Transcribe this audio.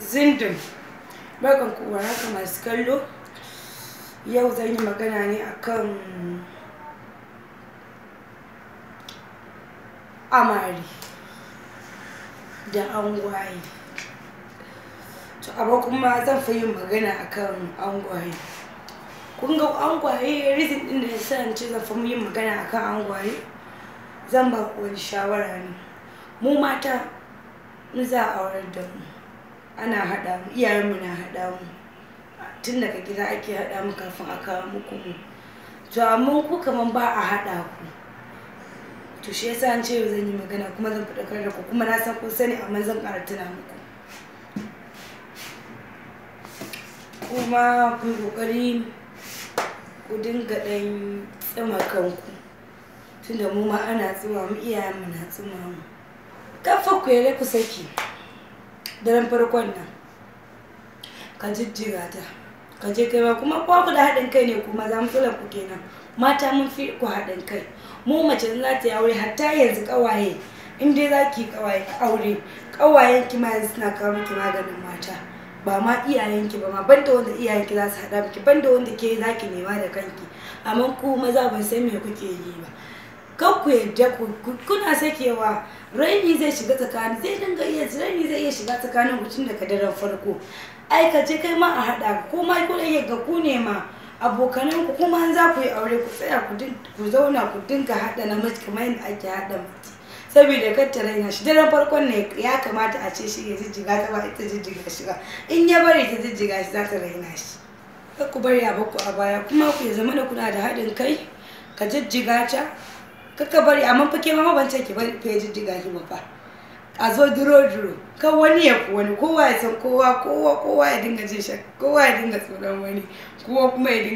zindin barkan ku haka masu kallo yau zan yi magana ne akan amari da angwaye to abu kuma zan fi yin magana akan angwaye kun ga angwaye rizin din da ya sa ce zan fi yin magana akan angwaye zan ba ku wani shawara ne mu mata in za a aurar da mu ana haɗa mu iyayenmu na haɗa mu tun daga gida ake haɗa mu kafin a kawo muku mu to amma ku kaman ba a haɗa ku to shi yasa an ce zan yi magana kuma zan faɗakar da ku kuma na san kun sani amma zan ƙara tuna muku kuma ku kokari ku dinga ɗan tsima kanku tunda mu ma ana tsima mu iyayenmu na tsima mu kafa ku yare ku saki daren farkon nan ka jijjira ta ka je kai ma kuma ko ku da haɗin kai ne kuma za mu ku kenan mata mun fi ku haɗin kai mu mace za ta yi aure hatta yanzu ƙawaye in dai za ki ƙawaye aure ƙawayen ki ma yanzu suna kawo miki maganin mata ba ma iyayenki ba ma banda wanda iyayenki za su haɗa miki banda wanda ke za ki nema da kanki amma ku maza ban san me kuke yi ba kar ku yarda ku kuna sakewa raini zai shiga tsakani zai dinga iya raini zai iya shiga tsakanin mutum da kadaran farko ai ka je kai ma a hada ko ma ko da ga ku ne ma abokanan ku kuma an za ku yi aure ku tsaya ku zauna ku dinga haɗa namiji kamar yadda ake haɗa mace saboda kar ta raina shi daren farkon ne ya kamata a ce shi ya jijjiga ta ba ita jijjiga shi ba in ya bari ta jijjiga shi za ta raina shi kar ku bari a ku a baya kuma ku ya zama da kuna da haɗin kai ka jijjiga ta kaka bari amma fa ke ma ban ce ki bari fa diga ki ba a zo duro duro ka wani ya wani kowa ya san kowa kowa kowa ya dinga jin kowa ya dinga tsoron wani kowa kuma ya dinga